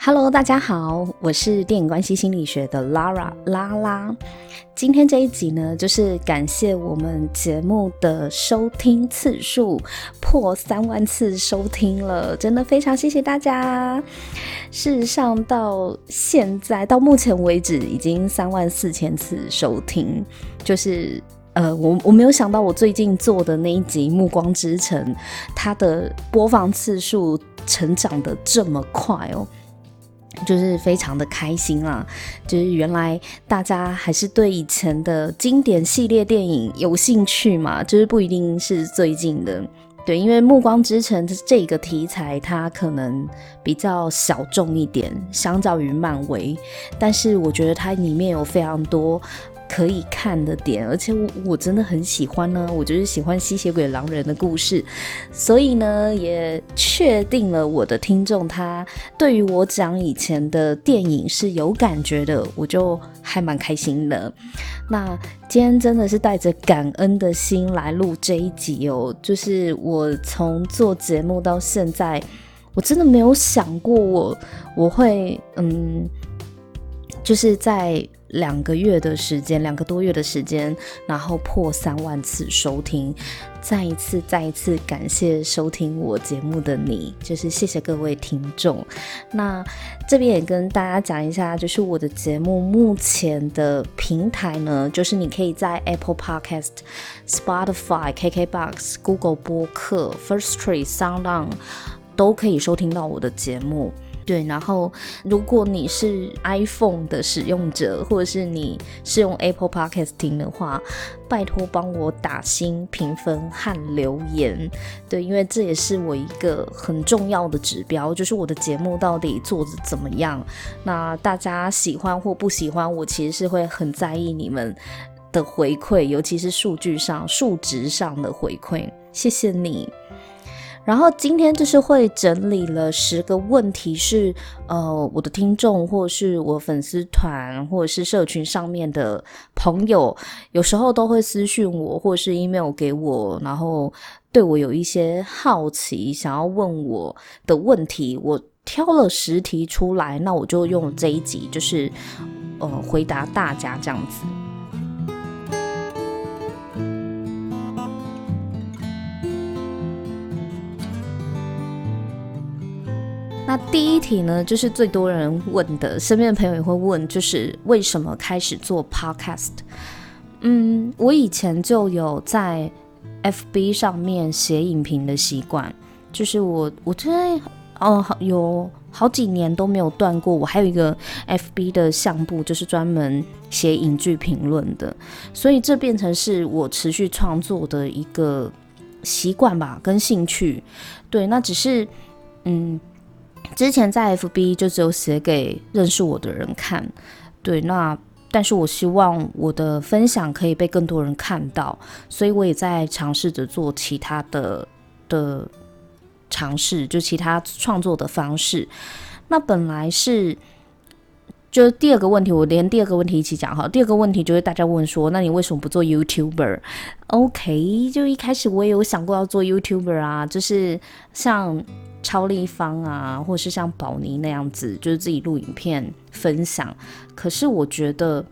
Hello，大家好，我是電影關係心理學的 Lara 拉拉。今天這一集呢，就是感謝我們節目的收聽次數破三萬次收聽了，真的非常謝謝大家。事實上，到現在到目前為止已經三萬四千次收聽，就是呃，我我沒有想到我最近做的那一集《暮光之城》，它的播放次數成長得這麼快哦。就是非常的開心啦、啊，就是原來大家還是對以前的經典系列電影有興趣嘛，就是不一定是最近的。對，因為《暮光之城》的這個題材，它可能比較小眾一點，相較於漫威，但是我覺得它裡面有非常多可以看的點，而且我，我真的很喜歡呢，我就是喜歡吸血鬼狼人的故事，所以呢也確定了我的聽眾他對於我講以前的電影是有感覺的，我就還蠻開心的。那今天真的是帶着感恩的心來錄這一集哦，就是我從做節目到現在，我真的沒有想過我我會嗯，就是在。兩個月的時間，兩個多月的時間，然後破三萬次收聽，再一次，再一次感謝收聽我節目的你，就是謝謝各位聽眾。那這邊也跟大家講一下，就是我的節目目前的平台呢，就是你可以在 Apple Podcast、Spotify、KKBox、Google 播客、Firstory、SoundOn 都可以收聽到我的節目。對，然後如果你是 iPhone 的使用者，或者是你是用 Apple Podcasting 的話，拜託幫我打星評分和留言。對，因為這也是我一個很重要的指標，就是我的節目到底做的怎麼樣。那大家喜歡或不喜歡，我其實是會很在意你們的回饋，尤其是數據上、數值上的回饋。謝謝你。然後今天就是會整理了十個問題是，是呃我的聽眾或是我粉絲團或者是社群上面的朋友，有時候都會私信我或是 email 給我，然後對我有一些好奇，想要問我的問題，我挑了十題出來，那我就用這一集就是呃回答大家這樣子。那第一題呢，就是最多人問的，身邊的朋友也會問，就是為什麼開始做 podcast？嗯，我以前就有在 FB 上面寫影評的習慣，就是我我這哦、呃、有好幾年都沒有斷過。我還有一個 FB 的相簿，就是專門寫影劇評論的，所以這變成是我持續創作的一個習慣吧，跟興趣。對，那只是嗯。之前在 FB 就只有寫給認識我的人看，對，那但是我希望我的分享可以被更多人看到，所以我也在嘗試着做其他的的嘗試，就其他創作的方式。那本來是。就第二個問題，我連第二個問題一起講哈。第二個問題就是大家問說，那你為什麼不做 YouTuber？OK，、okay, 就一開始我也有想過要做 YouTuber 啊，就是像超立方啊，或者是像寶妮那樣子，就是自己錄影片分享。可是我覺得，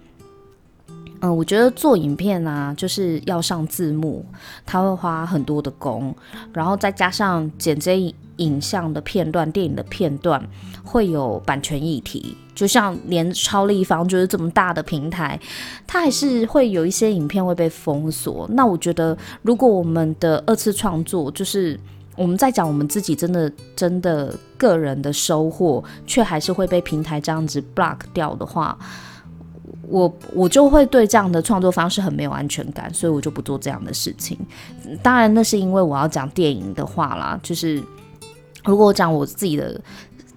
嗯、呃，我覺得做影片啊，就是要上字幕，他會花很多的工，然後再加上剪接影。影像的片段、電影的片段會有版權議題，就像連超粒方就是這麼大的平台，它還是會有一些影片會被封鎖。那我覺得，如果我們的二次創作，就是我們在講我們自己真的真的個人的收穫，卻還是會被平台這樣子 block 掉的話，我我就會對這樣的創作方式很沒有安全感，所以我就不做這樣的事情。當然，那是因為我要講電影的話啦，就是。如果講我自己的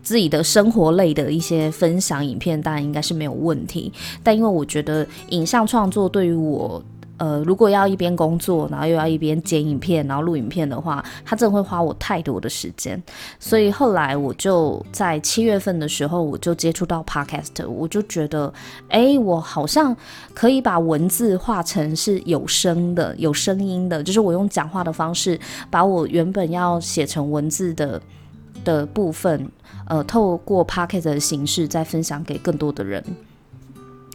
自己的生活類的一些分享影片，當然應該是沒有問題。但因為我覺得影像創作對於我，呃，如果要一邊工作，然後又要一邊剪影片，然後錄影片的話，它真的會花我太多的時間。所以後來我就在七月份的時候，我就接觸到 podcast，我就覺得，哎，我好像可以把文字化成是有聲的、有聲音的，就是我用講話的方式把我原本要寫成文字的。的部分，呃，透過 podcast 的形式再分享給更多的人，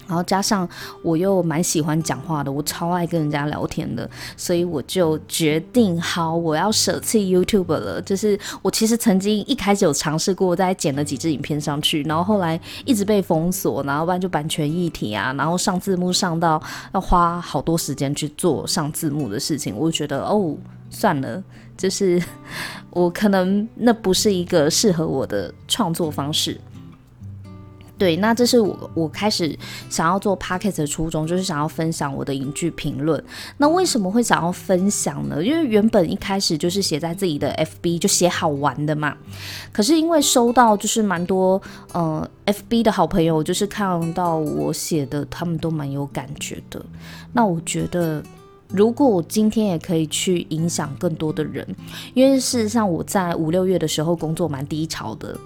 然後加上我又蠻喜歡講話的，我超愛跟人家聊天的，所以我就決定，好，我要捨棄 YouTube 了。就是我其實曾經一開始有嘗試過，再剪了幾支影片上去，然後後來一直被封鎖，然後不然就版權議題啊，然後上字幕上到要花好多時間去做上字幕的事情，我就覺得哦。算了，就是我可能那不是一個適合我的創作方式。對，那這是我我開始想要做 podcast 的初衷，就是想要分享我的影劇評論。那為什麼會想要分享呢？因為原本一開始就是寫在自己的 FB，就寫好玩的嘛。可是因為收到就是蠻多呃 FB 的好朋友，就是看到我寫的，他們都蠻有感覺的。那我覺得。如果我今天也可以去影響更多的人，因為事實上我在五六月的時候工作蠻低潮的，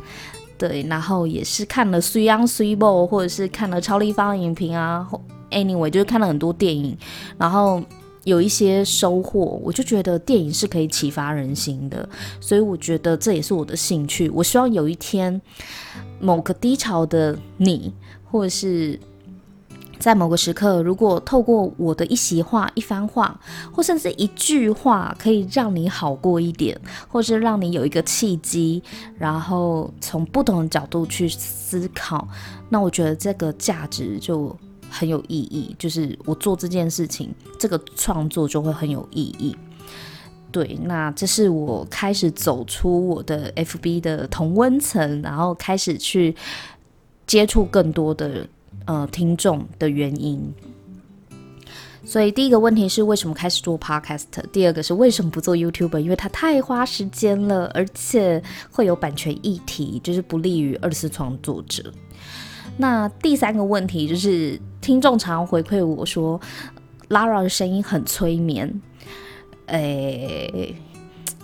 對，然後也是看了《水 ㄤ 水某》或者是看了《超粒方影評》啊，Anyway 就是看了很多電影，然後有一些收穫，我就覺得電影是可以啟發人心的，所以我覺得這也是我的興趣。我希望有一天某個低潮的你，或者是。在某個時刻，如果透過我的一席話、一番話，或甚至一句話，可以讓你好過一點，或是讓你有一個契機，然後從不同的角度去思考，那我覺得這個價值就很有意義。就是我做這件事情，這個創作就會很有意義。對，那這是我開始走出我的 FB 的同溫層，然後開始去接觸更多的。呃，聽眾的原因，所以第一個問題是為什麼開始做 podcast？第二個是為什麼不做 YouTuber？因為它太花時間了，而且會有版權議題，就是不利於二次創作者。那第三個問題就是，聽眾常回饋我說，Lara 的聲音很催眠，誒、欸。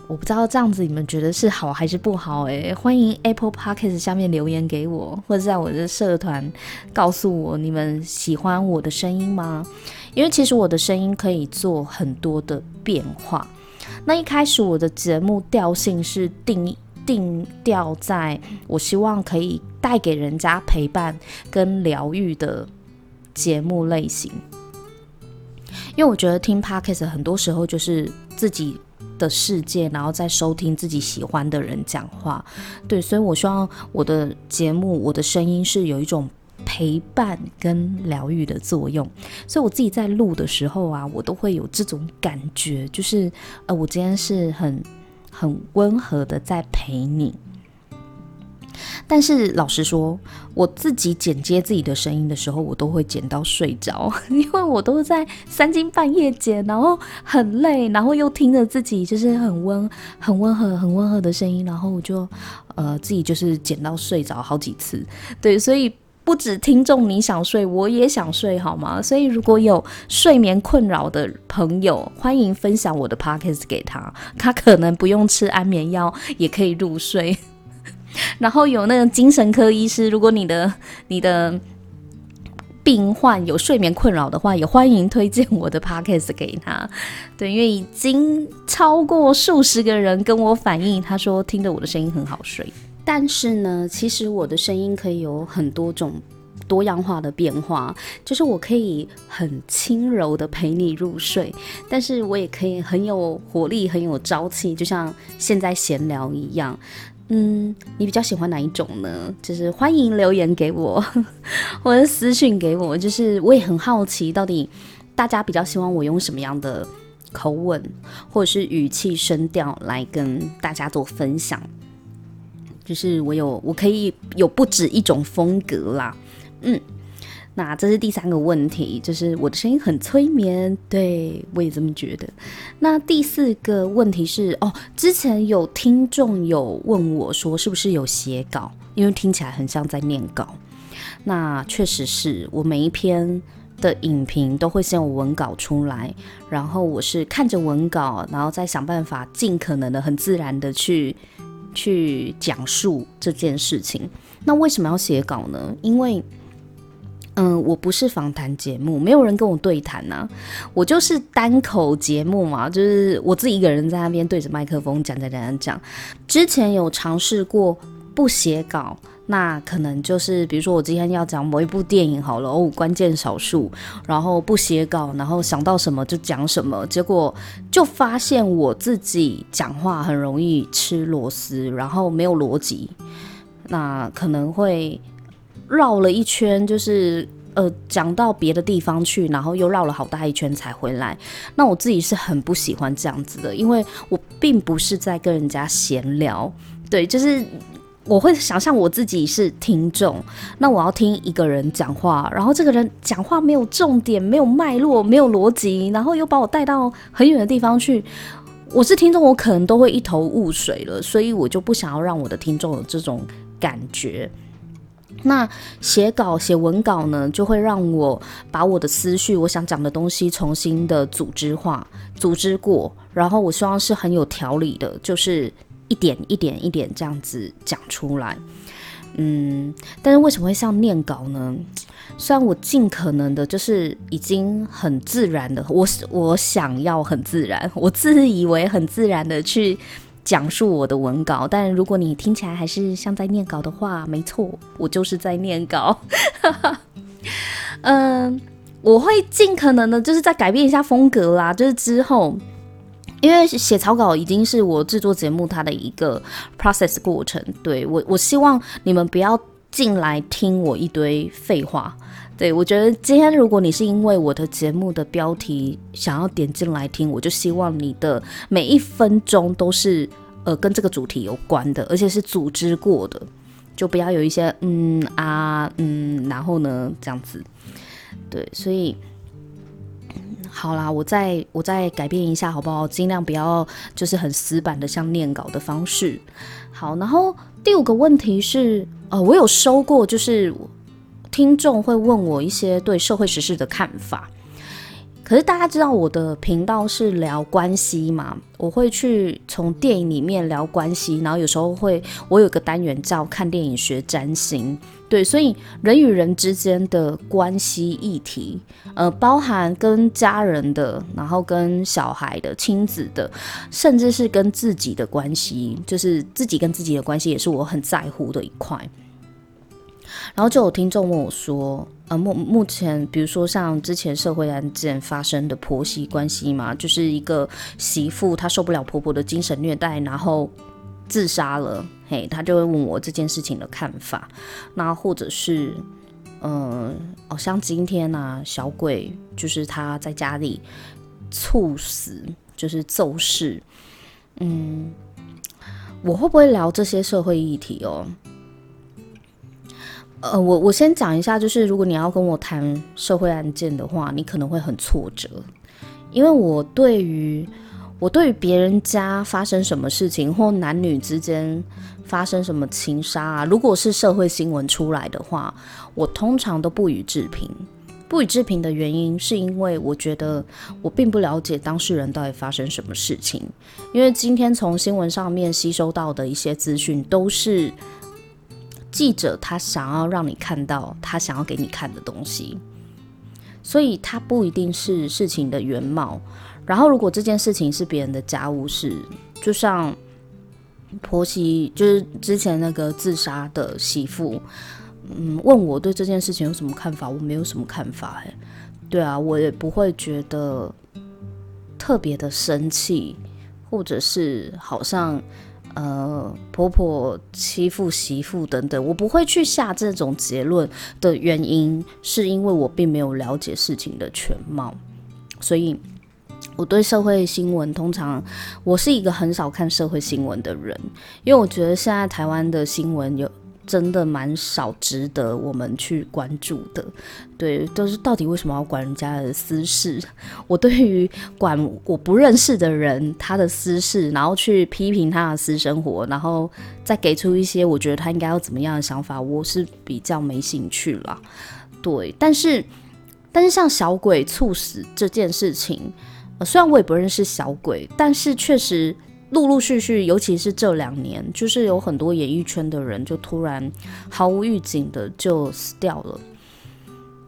我不知道這樣子你們覺得是好還是不好，誒、欸，歡迎 Apple Podcast 下面留言給我，或者在我的社團告訴我你們喜歡我的聲音嗎？因為其實我的聲音可以做很多的變化。那一開始我的節目調性是定定調在我希望可以帶給人家陪伴跟療癒的節目類型，因為我覺得聽 Podcast 很多時候就是自己。的世界，然後再收聽自己喜歡的人講話，對，所以我希望我的節目，我的聲音是有一種陪伴跟療癒的作用。所以我自己在錄的時候啊，我都會有這種感覺，就是呃，我今天是很很溫和的在陪你。但是老實說，我自己剪接自己的聲音的時候，我都會剪到睡着，因為我都是在三更半夜剪，然後很累，然後又聽着自己就是很溫、很溫和、很溫和的聲音，然後我就，呃，自己就是剪到睡着好幾次。對，所以不止聽眾你想睡，我也想睡，好嗎？所以如果有睡眠困擾的朋友，歡迎分享我的 podcast 給他，他可能不用吃安眠藥也可以入睡。然後有那個精神科醫師，如果你的你的病患有睡眠困擾的話，也歡迎推薦我的 podcast 給他。對，因為已經超過數十個人跟我反映，他說聽着我的聲音很好睡。但是呢，其實我的聲音可以有很多種多樣化的變化，就是我可以很輕柔地陪你入睡，但是我也可以很有活力、很有朝氣，就像現在閒聊一樣。嗯，你比較喜歡哪一種呢？就是歡迎留言給我，或者私信給我。就是我也很好奇，到底大家比較希望我用什麼樣的口吻，或者是語氣、聲調來跟大家做分享。就是我有，我可以有不止一種風格啦。嗯。那這是第三個問題，就是我的聲音很催眠，對我也這麼覺得。那第四個問題是，哦，之前有聽眾有問我說，是不是有寫稿？因為聽起來很像在念稿。那確實是我每一篇的影評都會先有文稿出來，然後我是看着文稿，然後再想辦法盡可能的很自然的去去講述這件事情。那為什麼要寫稿呢？因為。嗯，我不是訪談節目，沒有人跟我對談吶、啊，我就是單口節目嘛，就是我自己一個人在那邊對着麥克風講，在講在講，講，講。之前有嘗試過不寫稿，那可能就是比如說我今天要講某一部電影好了，哦，關鍵少數，然後不寫稿，然後想到什麼就講什麼，結果就發現我自己講話很容易吃螺絲，然後沒有邏輯，那可能會。繞了一圈，就是呃，講到別的地方去，然後又繞了好大一圈才回來。那我自己是很不喜歡這樣子的，因為我並不是在跟人家閒聊。對，就是我會想象我自己是聽眾，那我要聽一個人講話，然後這個人講話沒有重點、沒有脈絡、沒有邏輯，然後又把我帶到很遠的地方去。我是聽眾，我可能都會一頭霧水了，所以我就不想要讓我的聽眾有這種感覺。那寫稿、寫文稿呢，就會讓我把我的思緒、我想講的東西重新的組織化、組織過，然後我希望是很有條理的，就是一點一點、一點這樣子講出來。嗯，但是為什麼會像念稿呢？雖然我盡可能的，就是已經很自然的，我我想要很自然，我自以為很自然的去，講述我的文稿，但如果你聽起來還是像在念稿的話，沒錯，我就是在念稿。 嗯，我會盡可能的，就是再改變一下風格啦。就是之後，因為寫草稿已經是我製作節目它的一個 process 過程。對我，我希望你們不要進來聽我一堆廢話。對，我覺得今天如果你是因為我的節目的標題想要點進來聽，我就希望你的每一分鐘都是呃跟這個主題有關的，而且是組織過的，就不要有一些嗯啊嗯，然後呢，這樣子。對，所以好啦，我再我再改變一下好不好？盡量不要就是很死板的像念稿的方式。好，然後第五個問題是呃，我有收過就是。聽眾會問我一些對社會時事的看法，可是大家知道我的頻道是聊關係嘛，我會去從電影裡面聊關係，然後有時候會，我有個單元叫“看電影學占星”，對，所以人與人之間的關係議題，呃，包含跟家人的，然後跟小孩的親子的，甚至是跟自己的關係，就是自己跟自己的關係，也是我很在乎的一塊。然後就有聽眾問我說，呃，目目前比如說像之前社會案件發生的婆媳關係嘛，就是一個媳婦她受不了婆婆的精神虐待，然後自殺了，嘿，她就會問我這件事情的看法。那或者是，嗯、呃，哦，像今天啊，小鬼就是他在家裡猝死，就是驟逝。嗯，我會不會聊這些社會議題哦？呃，我我先講一下，就是如果你要跟我談社會案件的話，你可能會很挫折，因為我對於我對於別人家發生什麼事情，或男女之間發生什麼情殺啊，如果是社會新聞出來的話，我通常都不予置評。不予置評的原因是因為我覺得我並不了解當事人到底發生什麼事情，因為今天從新聞上面吸收到的一些資訊都是。記者他想要讓你看到他想要給你看的東西，所以他不一定是事情的原貌。然後，如果這件事情是別人的家務事，就像婆媳，就是之前那個自殺的媳婦，嗯，問我對這件事情有什麼看法，我沒有什麼看法。誒，對啊，我也不會覺得特別的生氣，或者是好像。呃，婆婆欺負媳婦等等，我不會去下這種結論的原因，是因為我並沒有了解事情的全貌，所以我對社會新聞，通常我是一個很少看社會新聞的人，因為我覺得現在台灣的新聞有。真的蠻少值得我們去關注的，對，就是到底為什麼要管人家的私事？我對於管我不認識的人他的私事，然後去批評他的私生活，然後再給出一些我覺得他應該要怎麼樣的想法，我是比較沒興趣啦，對。但是，但是像小鬼猝死這件事情，呃，雖然我也不認識小鬼，但是確實。陸陸續續，尤其是這兩年，就是有很多演藝圈的人就突然毫無預警的就死掉了。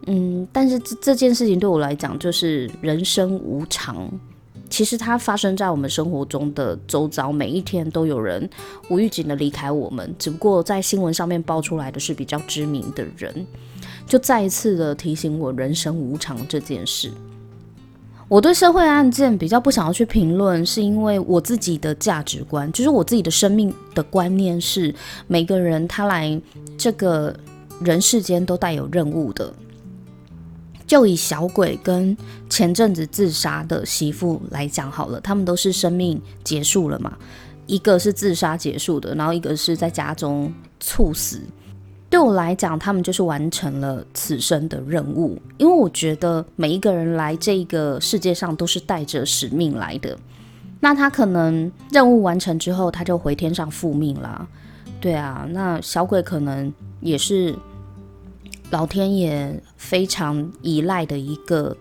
嗯，但是這這件事情對我來講就是人生無常。其實它發生在我們生活中的周遭，每一天都有人無預警的離開我們。只不過在新聞上面爆出來的是比較知名的人，就再一次的提醒我人生無常這件事。我對社會案件比較不想要去評論，是因為我自己的價值觀，就是我自己的生命的觀念是，每個人他來這個人世間都帶有任務的。就以小鬼跟前陣子自殺的媳婦來講好了，他們都是生命結束了嘛，一個是自殺結束的，然後一個是在家中猝死。對我來講，他們就是完成了此生的任務，因為我覺得每一個人來這個世界上都是帶着使命來的。那他可能任務完成之後，他就回天上復命啦，對啊。那小鬼可能也是老天爺非常依賴的一個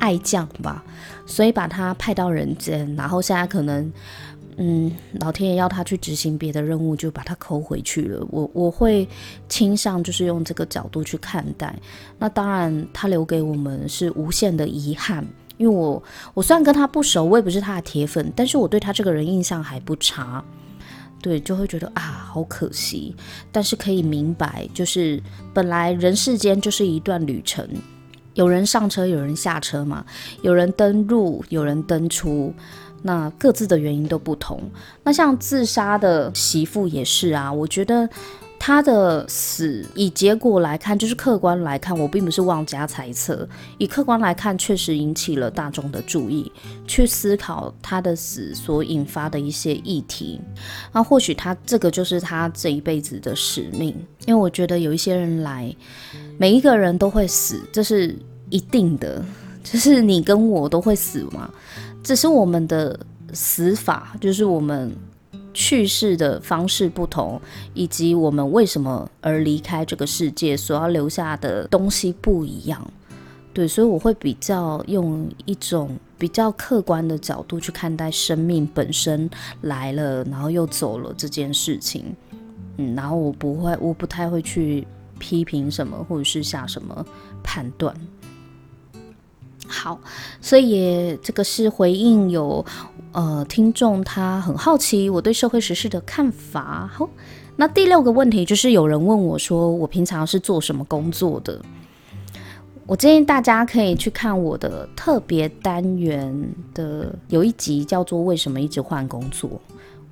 愛將吧，所以把他派到人間，然後現在可能。嗯，老天爺要他去執行別的任務，就把他扣回去了。我我會傾向就是用這個角度去看待。那當然，他留給我們是無限的遺憾。因為我我雖然跟他不熟，我也不是他的鐵粉，但是我對他這個人印象還不差。對，就會覺得啊，好可惜。但是可以明白，就是本來人世間就是一段旅程，有人上車，有人下車嘛，有人登入，有人登出。那各自的原因都不同。那像自殺的媳婦也是啊，我覺得他的死以結果來看，就是客觀來看，我並不是妄加猜測。以客觀來看，確實引起了大眾的注意，去思考他的死所引發的一些議題。那或許他這個就是他這一輩子的使命，因為我覺得有一些人來，每一個人都會死，這是一定的，就是你跟我都會死嘛。只是我們的死法，就是我們去世的方式不同，以及我們為什麼而離開這個世界所要留下的東西不一樣。對，所以我會比較用一種比較客觀的角度去看待生命本身來了，然後又走了這件事情。嗯，然後我不會，我不太會去批評什麼，或者是下什麼判斷。好，所以也這個是回應有呃聽眾，他很好奇我對社會時事的看法。好，那第六個問題就是有人問我說，我平常是做什麼工作的？我建議大家可以去看我的特別單元的有一集叫做《為什麼一直換工作》，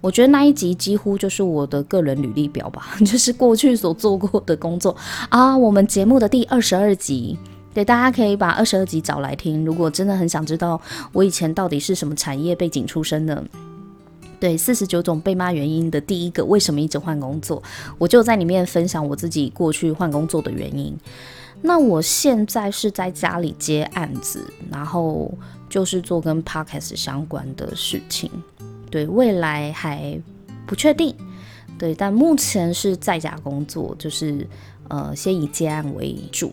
我覺得那一集幾乎就是我的個人履歷表吧，就是過去所做過的工作啊。我們節目的第二十二集。對，大家可以把二十二集找來聽，如果真的很想知道我以前到底是什麼產業背景出身的，對，四十九種被罵原因的第一個，為什麼一直換工作，我就在裡面分享我自己過去換工作的原因。那我現在是在家裡接案子，然後就是做跟 podcast 相關的事情，對，未來還不確定，對，但目前是在家工作，就是呃，先以接案為主。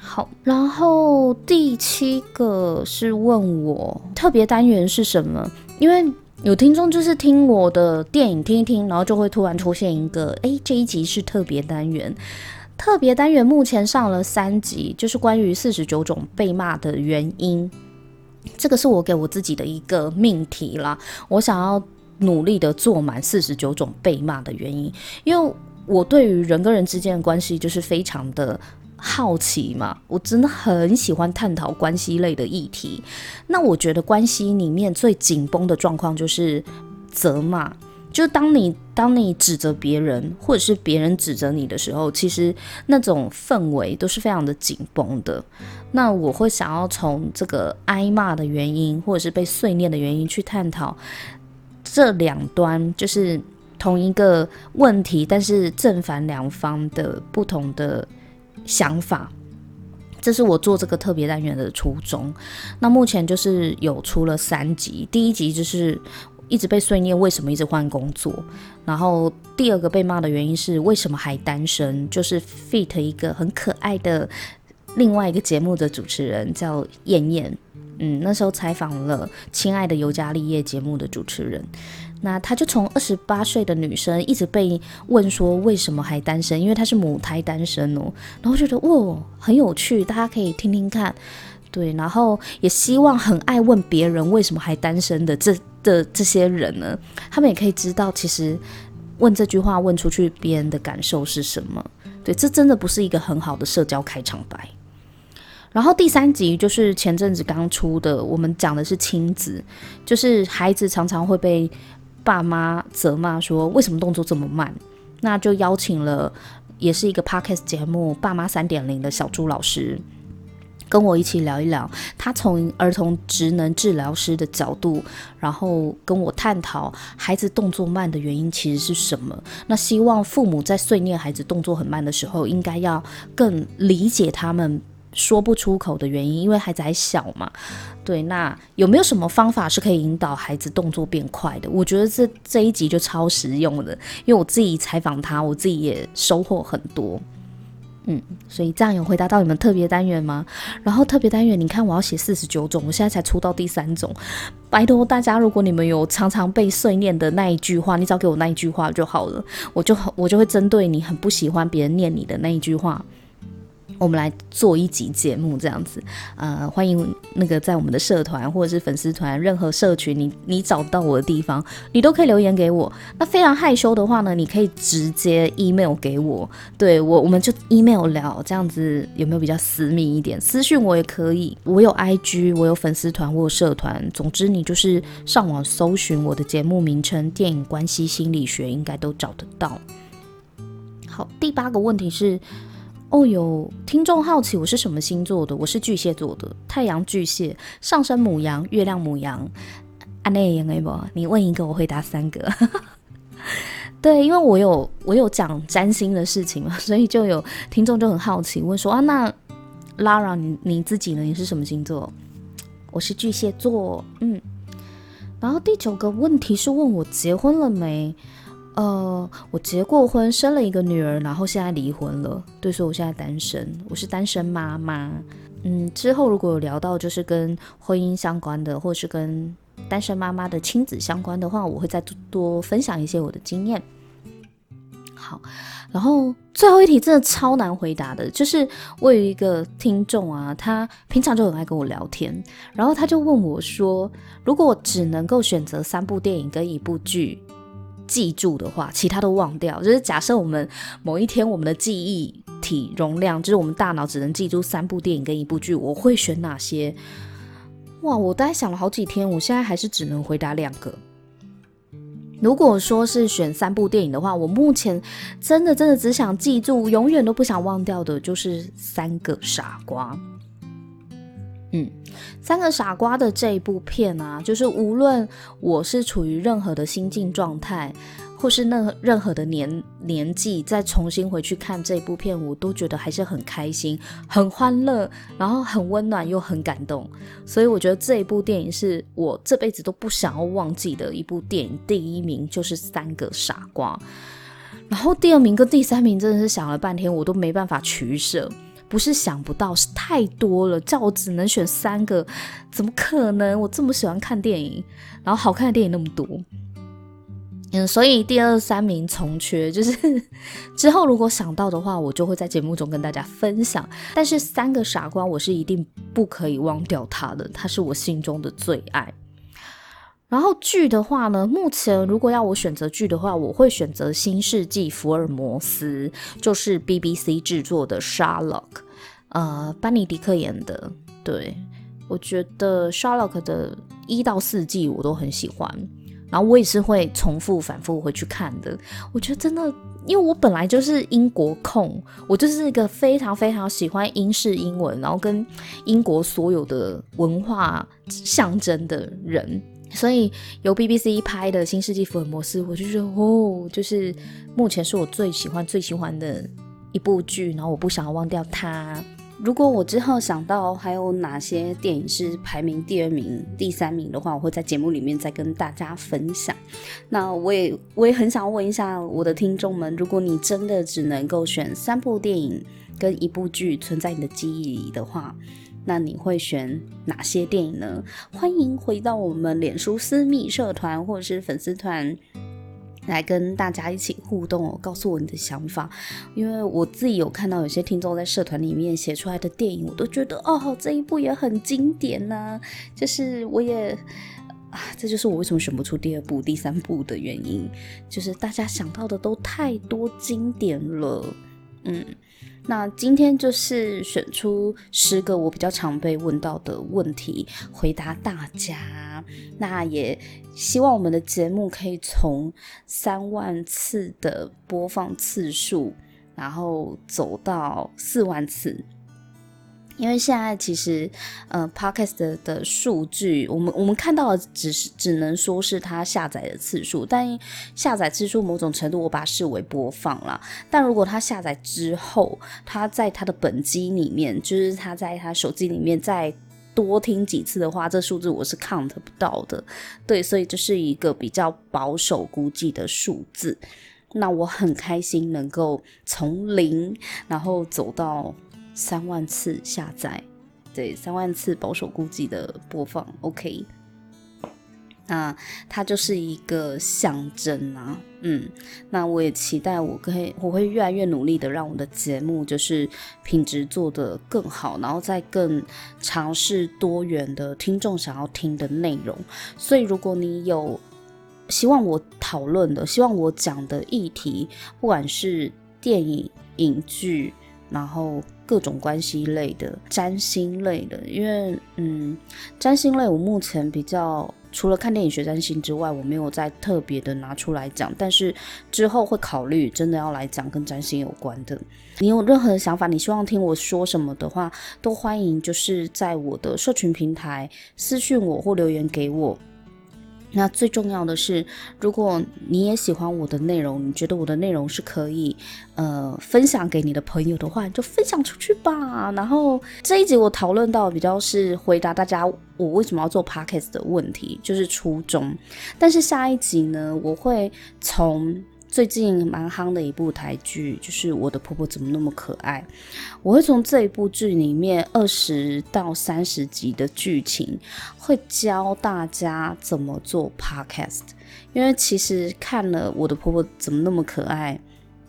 好，然後第七個是問我特別單元是什麼？因為有聽眾就是聽我的電影聽一聽，然後就會突然出現一個，誒，這一集是特別單元。特別單元目前上了三集，就是關於四十九種被罵的原因。這個是我給我自己的一個命題啦，我想要努力的做滿四十九種被罵的原因，因為我對於人跟人之間的關係就是非常的。好奇嘛，我真的很喜歡探討關係類的議題。那我覺得關係裡面最緊繃的狀況就是責罵，就當你當你指責別人，或者是別人指責你的時候，其實那種氛圍都是非常的緊繃的。那我會想要從這個挨罵的原因，或者是被碎念的原因去探討這兩端，就是同一個問題，但是正反兩方的不同的想法，這是我做這個特別單元的初衷。那目前就是有出了三集，第一集就是一直被碎念，為什麼一直換工作？然後第二個被罵的原因是為什麼還單身？就是 feat 一個很可愛的另外一個節目的主持人叫燕燕，嗯，那時候採訪了親愛的尤加利葉節目的主持人。那她就從二十八歲的女生一直被問說為什麼還單身，因為她是母胎單身哦，然後覺得哇、哦、很有趣，大家可以聽聽看，對，然後也希望很愛問別人為什麼還單身的這的這些人呢，他們也可以知道其實問這句話問出去別人的感受是什麼，對，這真的不是一個很好的社交開場白。然後第三集就是前陣子剛出的，我們講的是親子，就是孩子常常會被。爸媽責罵說：“為什麼動作這麼慢？”那就邀請了也是一個 podcast 節目《爸媽三點零》的小朱老師，跟我一起聊一聊。他從兒童職能治療師的角度，然後跟我探討孩子動作慢的原因其實是什麼。那希望父母在碎念孩子動作很慢的時候，應該要更理解他們。說不出口的原因，因為孩子還小嘛。對，那有沒有什麼方法是可以引導孩子動作變快的？我覺得這這一集就超實用的，因為我自己採訪他，我自己也收穫很多。嗯，所以這樣有回答到你們特別單元嗎？然後特別單元，你看我要寫四十九種，我現在才出到第三種。拜託大家，如果你們有常常被碎念的那一句話，你只要給我那一句話就好了，我就我就會針對你很不喜歡別人念你的那一句話。我們來做一集節目，這樣子，呃，歡迎那個在我們的社團或者是粉絲團，任何社群你，你你找不到我的地方，你都可以留言給我。那非常害羞的話呢，你可以直接 email 給我，對我我們就 email 聊，這樣子有沒有比較私密一點？私訊我也可以，我有 IG，我有粉絲團或社團，總之你就是上網搜尋我的節目名稱《電影關係心理學》，應該都找得到。好，第八個問題是。哦喲，聽眾好奇我是什麼星座的？我是巨蟹座的，太陽巨蟹，上升牡羊，月亮牡羊，啊那也有有。你問一個，我回答三個。 對，因為我有我有講占星的事情嘛，所以就有聽眾就很好奇問說啊，那 Lara，你你自己呢？你是什麼星座？我是巨蟹座，嗯。然後第九個問題是問我結婚了沒。呃，我結過婚，生了一個女兒，然後現在離婚了。對，所以我現在單身，我是單身媽媽。嗯，之後如果有聊到就是跟婚姻相關的，或是跟單身媽媽的親子相關的話，我會再多多分享一些我的經驗。好，然後最後一題真的超難回答的，就是我有一個聽眾啊，他平常就很愛跟我聊天，然後他就問我說，如果我只能夠選擇三部電影跟一部劇記住的話，其他都忘掉。就是假設我們某一天，我們的記憶體容量就是我們大腦只能記住三部電影跟一部劇，我會選哪些？哇，我大概想了好幾天，我現在還是只能回答兩個。如果說是選三部電影的話，我目前真的真的只想記住，永遠都不想忘掉的就是三個傻瓜。嗯，三個傻瓜的這一部片啊，就是無論我是處於任何的心境狀態，或是任何任何的年年紀，再重新回去看這一部片，我都覺得還是很開心、很歡樂，然後很溫暖又很感動。所以我覺得這一部電影是我這輩子都不想要忘記的一部電影。第一名就是三個傻瓜，然後第二名跟第三名真的是想了半天，我都沒辦法取捨。不是想不到，是太多了，叫我只能選三個，怎麼可能？我這麼喜歡看電影，然後好看的電影那麼多，嗯，所以第二三名從缺，就是之後如果想到的話，我就會在節目中跟大家分享。但是三個傻瓜，我是一定不可以忘掉他的，他是我心中的最愛。然後劇的話呢，目前如果要我選擇劇的話，我會選擇《新世紀福爾摩斯》，就是 BBC 製作的《Sherlock》，呃，班尼迪克演的，對。我覺得《Sherlock》的一到四季我都很喜歡，然後我也是會重複反覆回去看的。我覺得真的，因為我本來就是英國控，我就是一個非常非常喜歡英式英文，然後跟英國所有的文化象徵的人。所以由 BBC 拍的《新世紀福爾摩斯》，我就覺得哦，就是目前是我最喜歡、最喜歡的一部劇，然後我不想要忘掉它。如果我之後想到還有哪些電影是排名第二名、第三名的話，我會在節目裡面再跟大家分享。那我也我也很想問一下我的聽眾們，如果你真的只能夠選三部電影跟一部劇存在你的記憶裡的話，那你會選哪些電影呢？歡迎回到我們臉書私密社團或者是粉絲團，來跟大家一起互動哦，告訴我你的想法。因為我自己有看到有些聽眾在社團裡面寫出來的電影，我都覺得哦，這一部也很經典呢、啊。就是我也啊，這就是我為什麼選不出第二部、第三部的原因，就是大家想到的都太多經典了。嗯，那今天就是選出十個我比較常被問到的問題，回答大家。那也希望我們的節目可以從三萬次的播放次數，然後走到四萬次。因為現在其實，嗯，呃，Podcast 的、的數據，我們我們看到的只是，只能說是它下載的次數。但下載次數某種程度，我把它視為播放啦。但如果它下載之後，它在它的本機裡面，就是它在它手機裡面再多聽幾次的話，這數字我是 count 不到的。對，所以這是一個比較保守估計的數字。那我很開心能夠從零，然後走到。三萬次下載，對，三萬次保守估計的播放，OK，那它就是一個象徵啊，嗯，那我也期待我可以，我會越來越努力的，讓我的節目就是品質做得更好，然後再更嘗試多元的聽眾想要聽的內容。所以，如果你有希望我討論的，希望我講的議題，不管是電影、影劇，然後。各種關係類的、占星類的，因為嗯，占星類我目前比較除了看電影學占星之外，我沒有再特別的拿出來講，但是之後會考慮真的要來講跟占星有關的。你有任何想法，你希望聽我說什麼的話，都歡迎就是在我的社群平台私訊我或留言給我。那最重要的是，如果你也喜歡我的內容，你覺得我的內容是可以，呃，分享給你的朋友的話，你就分享出去吧。然後這一集我討論到比較是回答大家我為什麼要做 podcast 的問題，就是初衷。但是下一集呢，我會從。最近蠻夯的一部台劇，就是《我的婆婆怎麼那麼可愛》。我會從這一部劇裡面二十到三十集的劇情，會教大家怎麼做 podcast。因為其實看了《我的婆婆怎麼那麼可愛》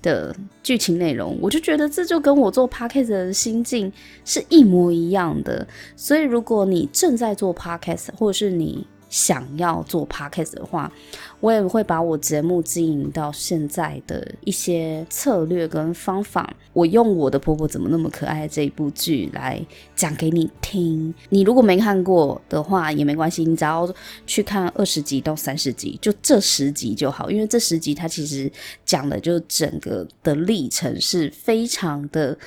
的劇情內容，我就覺得這就跟我做 podcast 的心境是一模一樣的。所以如果你正在做 podcast，或者是你想要做 podcast 的話，我也會把我節目經營到現在的一些策略跟方法，我用我的婆婆怎麼那麼可愛的這一部劇來講給你聽。你如果沒看過的話也沒關係，你只要去看二十集到三十集，就這十集就好，因為這十集它其實講的就整個的歷程是非常的。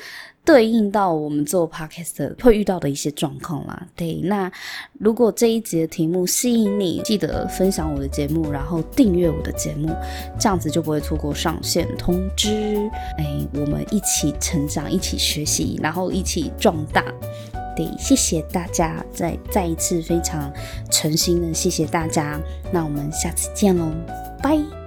對應到我們做 podcast 會遇到的一些狀況啦，對。那如果這一集的題目吸引你，記得分享我的節目，然後訂閱我的節目，這樣子就不會錯過上線通知。哎，我們一起成長，一起學習，然後一起壯大。對，謝謝大家，再，再一次非常誠心的謝謝大家。那我們下次見嘍，拜。